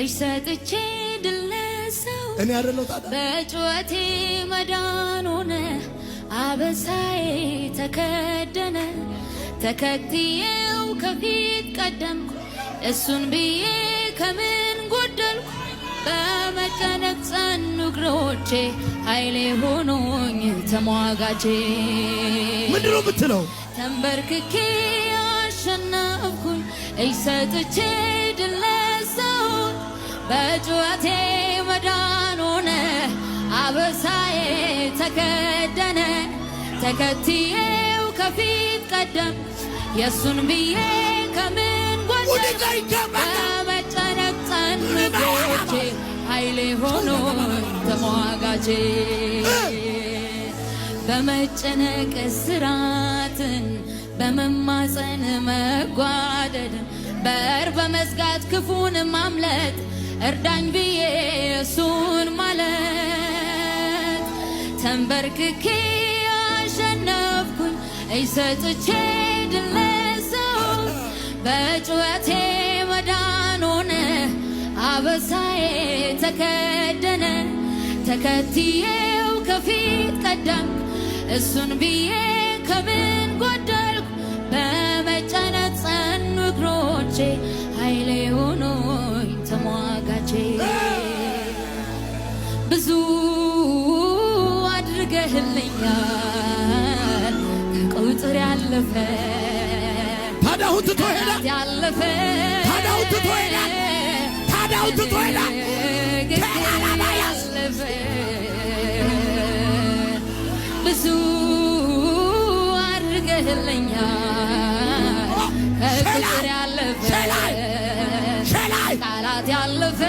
እጅ ሰጥቼ ድል ነሳው እኔ አደለው ታዲያ በጩኸቴ መዳን ሆነ አበሳዬ ተከደነ ተከትዬው ከፊት ቀደምኩ እሱን ብዬ ከምን ጎደልኩ በመጨነቅ ጸኑ እግሮቼ ኃይሌ ሆኖኝ ተሟጋቼ ምንድን ነው የምትለው ተንበርክኬ አሸነፍኩኝ እሰጥቼ? በጩኸቴ ሆነ አበሳዬ ተከደነ። ተከትዬው ከፊት ቀደም የእሱን ብዬ ከምን ጎደለኝ በመጨነቅ ጸንጎቼ ኃይሌ ሆኖ ተሟጋቼ በመጨነቅ ስራትን በመማፀን መጓደድን በር በመዝጋት ክፉን ማምለጥ እርዳኝ ብዬ እሱን ማለት ተንበርክኬ አሸነፍኩኝ እጅ ሰጥቼ ድል ነሣሁ በጩኸቴ መዳን ሆነ አበሳዬ ተከደነ ተከትዬው ከፊት ቀዳም እሱን ብዬ ከምን ብዙ አድርገህልኛል ከቁጥር ያለፈ ታዳሁ ትቶ ሄዳ ያለፈ ታዳሁ ትቶ ሄዳ ታዳሁ ትቶ ሄዳ ከዓላማ ያለፈ ብዙ አድርገህልኛል ከቁጥር ያለፈ ቃላት ያለፈ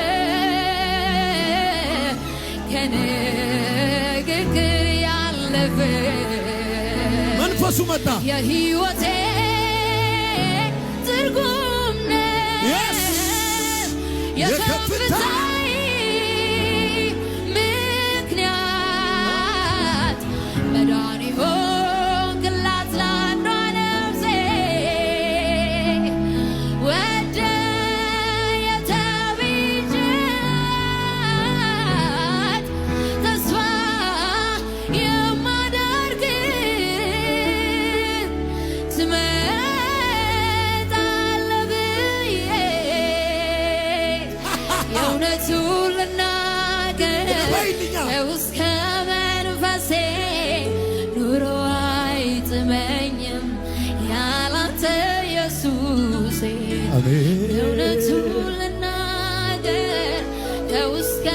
ከንግግር ያለፈ መንፈሱ መጣ የህይወቴ ትርጉም ነ በይልኛ እስከ መንፈሴ ኑሮ አይጥመኝም ያላንተ ኢየሱሴ እውነቱ ልናገር እስከ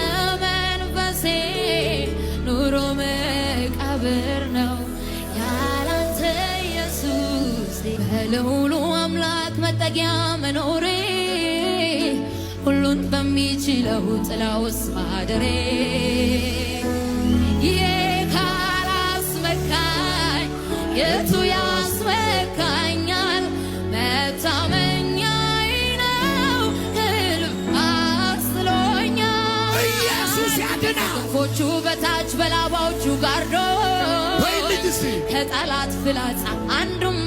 መንፈሴ ኑሮ መቃብር ነው ያላንተ ኢየሱሴ በልዑሉ አምላክ መጠጊያ መኖሬ ሁሉን በሚችለው ጥላ ውስጥ ማደሬ የቱ ያስመካኛል? መታመኛዬ ነው ክንፎቹ በታች በላባዎቹ ጋርዶ ከጠላት ፍላጻ አንዱም